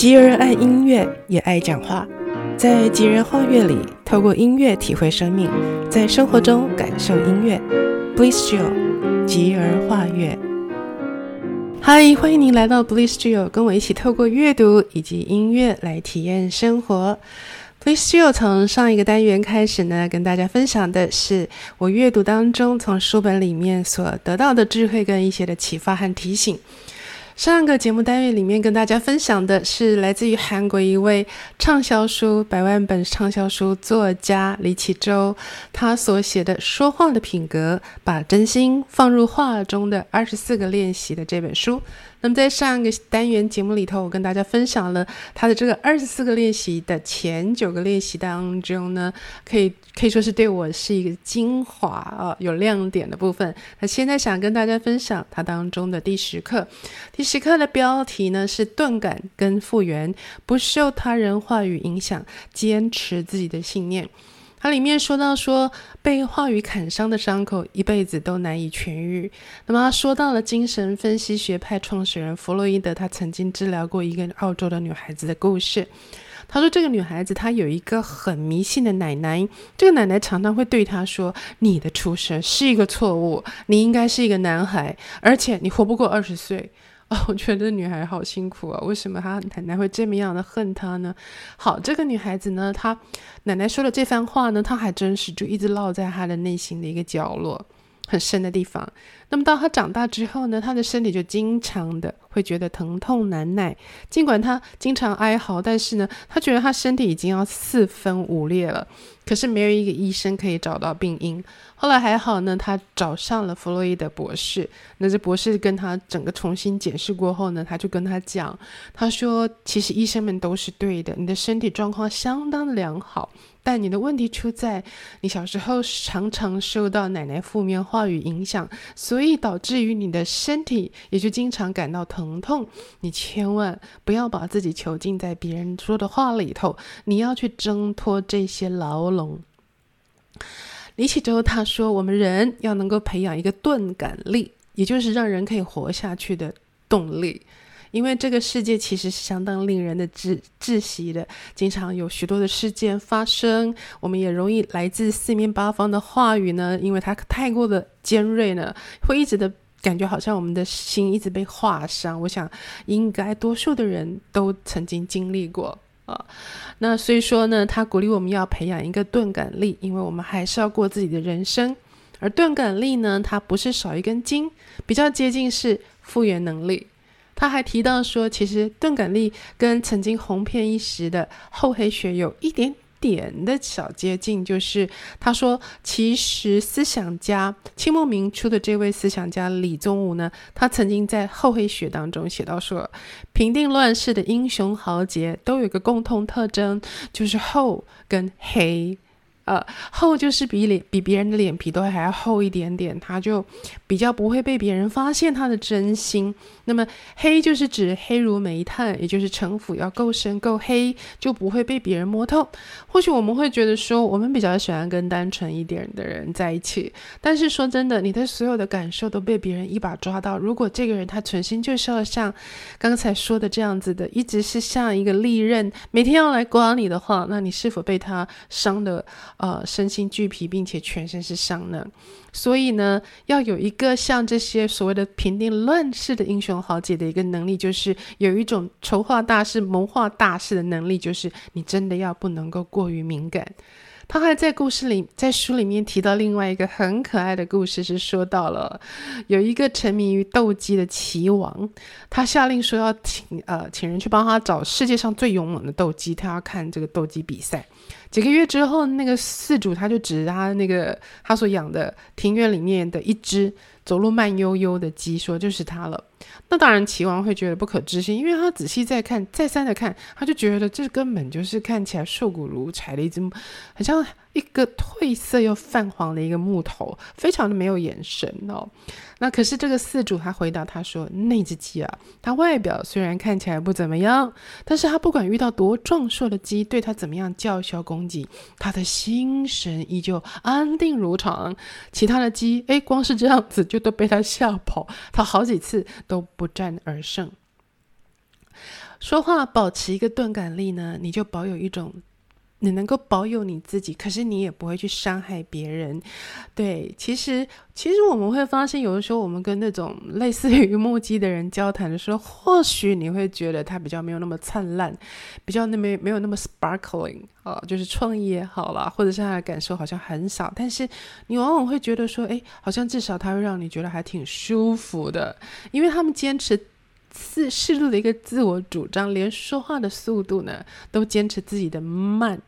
吉爾愛音樂，也愛講話。在吉爾畫樂裡，透過音樂體會生命，在生活中感受音樂。Bless you，吉爾畫樂。嗨，歡迎您來到 Bless you，跟我一起透過閱讀以及音樂來體驗生活。Bless you，從上一個單元開始呢，跟大家分享的是我閱讀當中從書本裡面所得到的智慧跟一些的啟發和提醒。上個節目單元裡面跟大家分享的是來自於韓國一位暢銷書百萬本暢銷書作家李啟周，他所寫的《說話的品格：把真心放入話中的二十四個練習》的這本書。那麼在上個單元節目裡頭，我跟大家分享了他的這個二十四個練習的前九個練習當中呢，可以可以說是對我是一個精華啊、哦，有亮點的部分。那現在想跟大家分享他當中的第十課，第十。此刻的標題呢是“鈍感跟復原，不受他人話語影響，堅持自己的信念”。它裡面說到說，說被話語砍傷的傷口，一輩子都難以痊癒。那麼，說到了精神分析學派創始人弗洛伊德，他曾經治療過一個澳洲的女孩子的故事。他說，這個女孩子她有一個很迷信的奶奶，這個奶奶常常會對她說：“你的出生是一個錯誤，你應該是一個男孩，而且你活不過二十歲。”哦，我覺得這女孩好辛苦啊！為什麼她奶奶會這麼樣的恨她呢？好，這個女孩子呢，她奶奶說的這番話呢，她還真是就一直烙在她的內心的一個角落，很深的地方。那麼當她長大之後呢，她的身體就經常的會覺得疼痛難耐，儘管她經常哀嚎，但是呢，她覺得她身體已經要四分五裂了。可是沒有一個醫生可以找到病因。後來還好呢，他找上了弗洛伊德博士。那這博士跟他整個重新解釋過後呢，他就跟他講，他說：“其實醫生們都是對的，你的身體狀況相當良好，但你的問題出在你小時候常常受到奶奶負面話語影響，所以導致於你的身體也就經常感到疼痛。你千萬不要把自己囚禁在別人說的話裡頭，你要去掙脫這些牢籠。”李啟州，他說：“我們人要能夠培養一個鈍感力，也就是讓人可以活下去的動力。因為這個世界其實是相當令人的窒息的，經常有許多的事件發生，我們也容易來自四面八方的話語呢，因為它太過的尖銳呢，會一直的感覺好像我們的心一直被劃傷。我想，應該多數的人都曾經經歷過。”那所以說呢，他鼓勵我們要培養一個鈍感力，因為我們還是要過自己的人生。而鈍感力呢，它不是少一根筋，比較接近是復原能力。他還提到說，其實鈍感力跟曾經紅遍一時的厚黑學有一點。點的小接近就是，他說，其實思想家，清末明初的這位思想家李宗吾呢，他曾經在《厚黑學》當中寫到說，平定亂世的英雄豪傑都有個共同特徵，就是厚跟黑。呃，厚就是比臉比別人的臉皮都還要厚一點點，他就比較不會被別人發現他的真心。那麼黑就是指黑如煤炭，也就是城府要夠深夠黑，就不會被別人摸透。或許我們會覺得說，我們比較喜歡跟單純一點的人在一起。但是說真的，你的所有的感受都被別人一把抓到。如果這個人他存心就是要像剛才說的這樣子的，一直是像一個利刃，每天要來刮你的話，那你是否被他傷得？呃，身心俱疲，並且全身是傷呢。所以呢，要有一個像這些所謂的平定亂世的英雄豪傑的一個能力，就是有一種籌劃大事、謀劃大事的能力，就是你真的要不能夠過於敏感。他還在故事裡，在書裡面提到另外一個很可愛的故事，是說到了有一個沉迷於鬥雞的齊王，他下令說要請呃請人去幫他找世界上最勇猛的鬥雞，他要看這個鬥雞比賽。幾個月之後，那個飼主他就指着他那個他所養的庭院裡面的一隻走路慢悠悠的雞，說就是他了。那當然，齊王會覺得不可置信，因為他仔細再看，再三的看，他就覺得這根本就是看起來瘦骨如柴的一隻，很像一個褪色又泛黃的一個木頭，非常的沒有眼神哦。那可是這個飼主他回答他說，那隻雞啊，它外表雖然看起來不怎麼樣，但是它不管遇到多壯碩的雞，對它怎麼樣叫囂攻擊，它的心神依舊安定如常。其他的雞，誒，光是這樣子就都被它嚇跑，它好幾次。都不戰而勝。說話保持一個鈍感力呢，你就保有一種。你能夠保有你自己，可是你也不會去傷害別人。對，其實其實我們會發現，有的時候我們跟那種類似於目擊的人交談的時候，或許你會覺得他比較沒有那麼燦爛，比較那沒沒有那麼 sparkling 啊，就是創意也好啦，或者是他的感受好像很少。但是你往往會覺得說，哎，好像至少他會讓你覺得還挺舒服的，因為他們堅持。自適度的一個自我主張，連說話的速度呢都堅持自己的慢、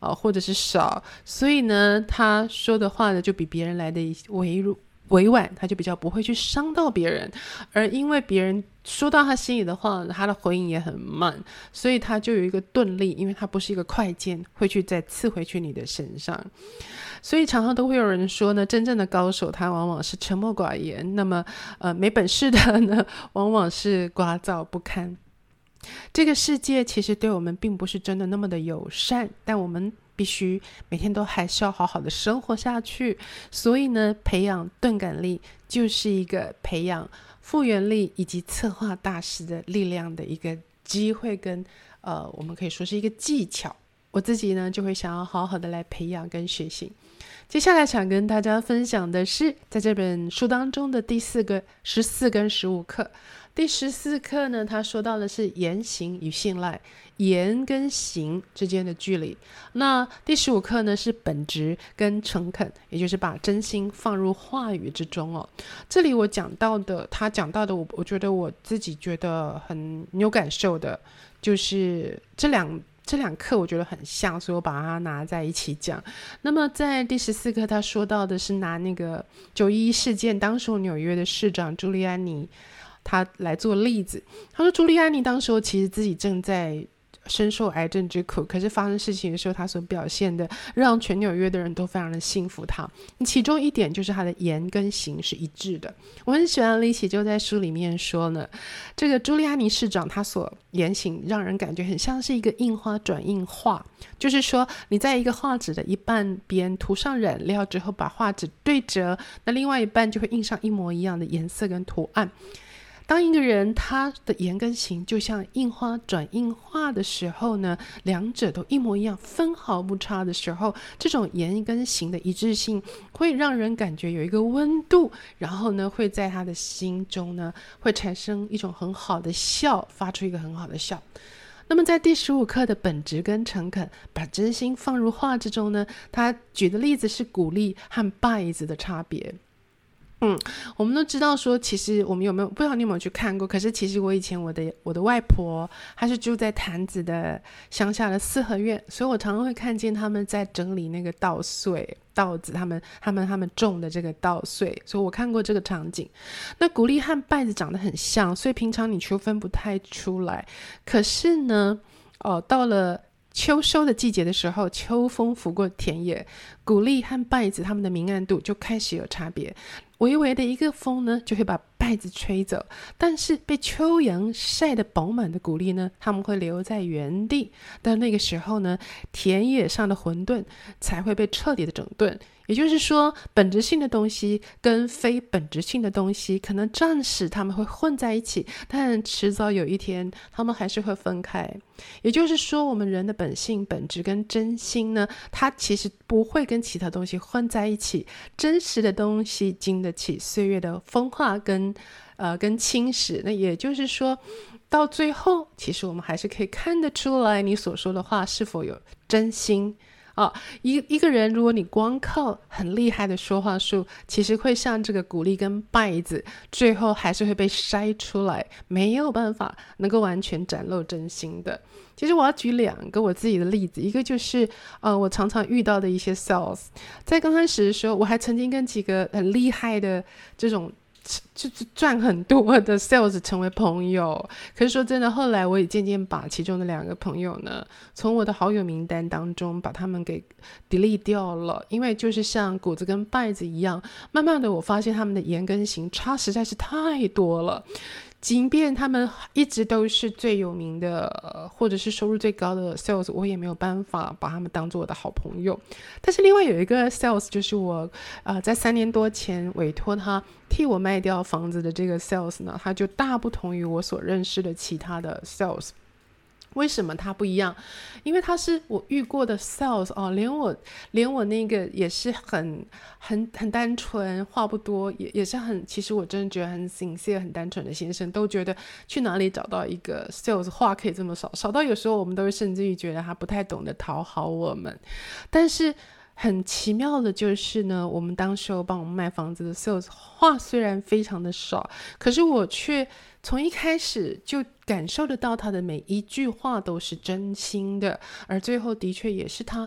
呃，或者是少，所以呢，他說的話呢就比別人來得委婉，委婉，他就比較不會去傷到別人。而因為別人說到他心裡的話，他的回應也很慢，所以他就有一個鈍力，因為他不是一個快劍，會去再刺回去你的身上。所以常常都會有人說呢，真正的高手，他往往是沉默寡言，那麼呃，沒本事的呢，往往是聒噪不堪。這個世界其實對我們並不是真的那麼的友善，但我們必須每天都還是要好好的生活下去。所以呢，培養鈍感力就是一個培養復原力以及策劃大事的力量的一個機會跟呃，我們可以說是一個技巧。我自己呢，就會想要好好的來培養跟學習。接下來想跟大家分享的是，在這本書當中的第四個、十四跟十五課。第十四課呢，他說到的是言行與信賴，言跟行之間的距離。那第十五課呢，是本質跟誠懇，也就是把真心放入話語之中哦。這裡我講到的，他講到的，我我覺得我自己覺得很有感受的，就是這兩。這兩課我覺得很像，所以我把它拿在一起講。那麼在第十四課，他說到的是拿那個九一一事件，當時紐約的市長朱利安尼，他來做例子。他說，朱利安尼當時候其實自己正在。深受癌症之苦，可是發生事情的時候，他所表現的讓全紐約的人都非常的信服他。其中一點就是他的言跟行是一致的。我很喜歡李奇就在書裡面說呢，這個朱利安尼市長他所言行讓人感覺很像是一個印花轉印畫，就是說你在一個畫紙的一半邊塗上染料之後，把畫紙對折，那另外一半就會印上一模一樣的顏色跟圖案。當一個人他的言跟行就像印花轉印花的時候呢，兩者都一模一樣，分毫不差的時候，這種言跟行的一致性會讓人感覺有一個溫度，然後呢，會在他的心中呢會產生一種很好的笑，發出一個很好的笑。那麼在第十五課的本質跟誠懇，把真心放入畫之中呢，他舉的例子是穀粒和稗子的差別。嗯，我們都知道說，其實我們有沒有不知道你有沒有去看過？可是其實我以前我的我的外婆她是住在潭子的鄉下的四合院，所以我常常會看見他們在整理那個稻穗、稻子他們，他們他們他們種的這個稻穗，所以我看過這個場景。那穀粒和稗子長得很像，所以平常你區分不太出來。可是呢，哦，到了秋收的季節的時候，秋風拂過田野，穀粒和稗子他們的明暗度就開始有差別。微微的一個風呢，就會把麥子吹走；但是被秋陽曬得飽滿的穀粒呢，它們會留在原地。到那個時候呢，田野上的混沌才會被徹底的整頓。也就是說，本質性的東西跟非本質性的東西，可能暫時他們會混在一起，但遲早有一天，他們還是會分開。也就是說，我們人的本性、本質跟真心呢，它其實不會跟其他東西混在一起。真實的東西經得起歲月的風化跟呃跟侵蝕。那也就是說，到最後，其實我們還是可以看得出來，你所說的話是否有真心。啊、哦，一個一個人，如果你光靠很厲害的說話術，其實會像這個鼓勵跟拜子，最後還是會被篩出來，沒有辦法能夠完全展露真心的。其實我要舉兩個我自己的例子，一個就是呃，我常常遇到的一些 sales，在剛開始的時候，我還曾經跟幾個很厲害的這種。就是賺，賺，賺，賺很多的 sales，成為朋友。可是說真的，後來我也漸漸把其中的兩個朋友呢，從我的好友名單當中把他們給 delete 掉了，因為就是像谷子跟稗子一樣，慢慢的我發現他們的言跟行差實在是太多了。即便他們一直都是最有名的，呃，或者是收入最高的 sales，我也沒有辦法把他們當做我的好朋友。但是另外有一個 sales，就是我，呃，在三年多前委託他替我賣掉房子的這個 sales 呢，他就大不同於我所認識的其他的 sales。為什麼他不一樣？因為他是我遇過的 sales 哦，連我連我那個也是很很很單純，話不多，也也是很，其實我真的覺得很 sincere、很單純的先生，都覺得去哪裡找到一個 sales 話可以這麼少，少到有時候我們都會甚至於覺得他不太懂得討好我們，但是。很奇妙的就是呢，我們當時候幫我們賣房子的 sales 話雖然非常的少，可是我卻從一開始就感受得到他的每一句話都是真心的，而最後的確也是他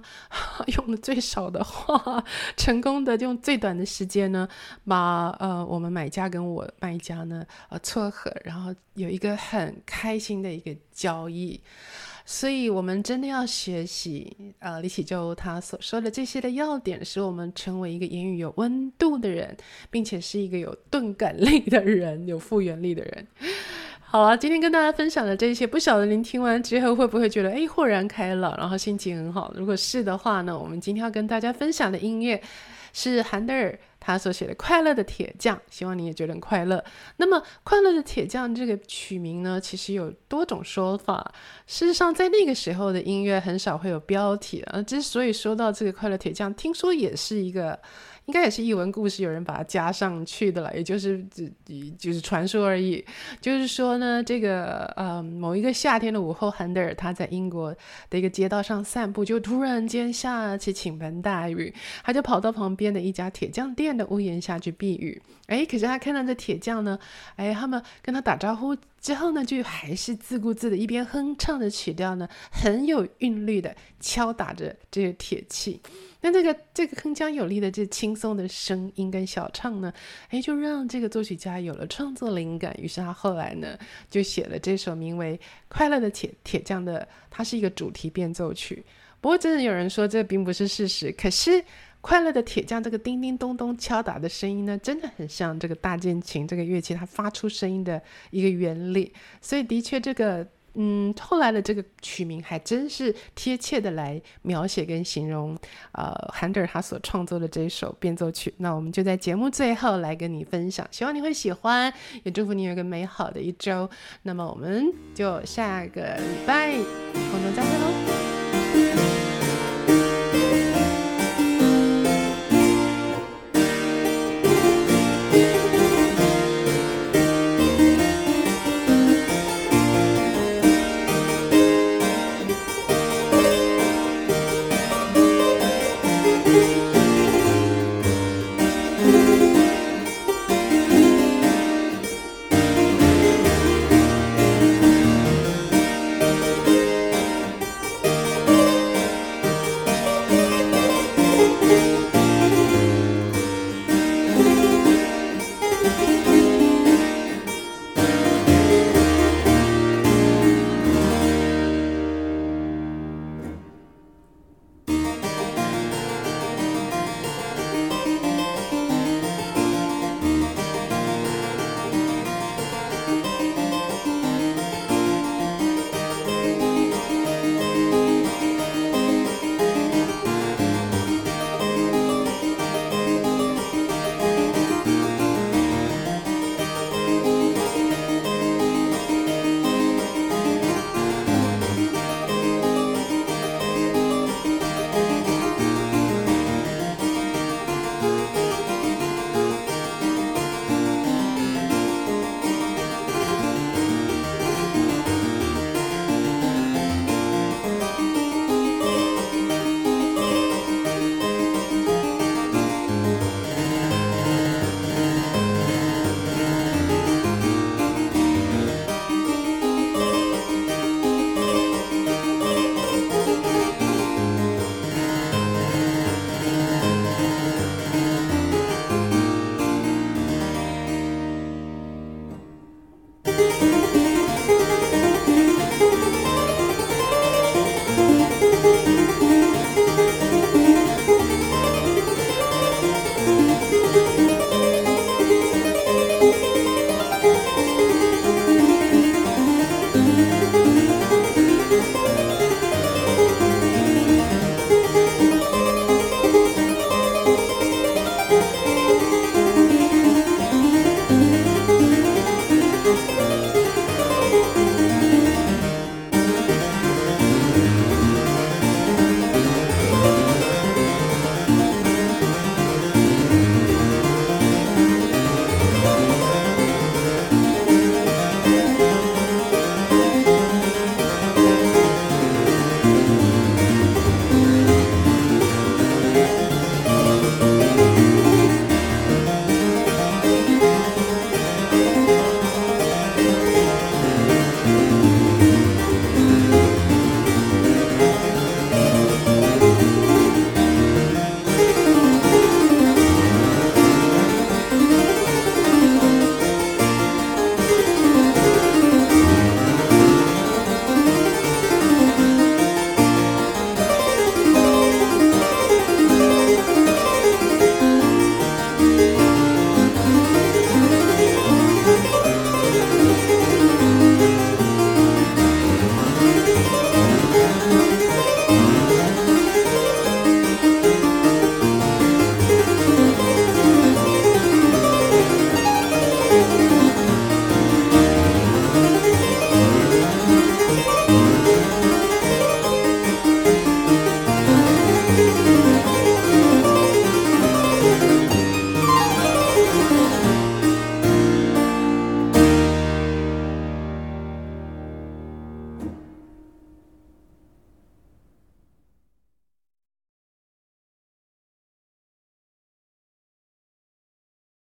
用的最少的話，成功的用最短的時間呢，把呃我們買家跟我賣家呢呃撮合，然後有一個很開心的一個交易。所以，我們真的要學習，呃，李啟舟他所說的這些的要點，使我們成為一個言語有溫度的人，並且是一個有鈍感力的人，有復原力的人。好啊，今天跟大家分享的這些，不曉得您聽完之後會不會覺得，哎，豁然開朗，然後心情很好。如果是的話呢，我們今天要跟大家分享的音樂。是韓德爾他所寫的《快樂的鐵匠》，希望你也覺得快樂。那麼，《快樂的鐵匠》這個曲名呢，其實有多種說法。事實上，在那個時候的音樂很少會有標題啊。之所以說到這個“快樂鐵匠”，聽說也是一個。應該也是軼聞故事，有人把它加上去的了，也就是只就是傳說而已。就是說呢，這個呃某一個夏天的午後，亨德爾他在英國的一個街道上散步，就突然間下起傾盆大雨，他就跑到旁邊的一家鐵匠店的屋檐下去避雨。哎，可是他看到這鐵匠呢，哎，他們跟他打招呼。之後呢，就還是自顧自的，一邊哼唱着曲調呢，很有韻律的敲打着這個鐵器。那這個這個鏗鏘有力的、這輕鬆的聲音跟小唱呢，哎，就讓這個作曲家有了創作靈感。於是他後來呢，就寫了這首名為《快樂的鐵鐵匠》的，它是一個主題變奏曲。不過，真的有人說這並不是事實，可是。快樂的鐵匠，這個叮叮咚咚敲打的聲音呢，真的很像這個大鍵琴這個樂器它發出聲音的一個原理。所以的確，這個嗯，後來的這個曲名還真是貼切的來描寫跟形容，呃，韓德爾他所創作的這一首變奏曲。那我們就在節目最後來跟你分享，希望你會喜歡，也祝福你有一個美好的一週。那麼我們就下個禮拜空中再會嘍。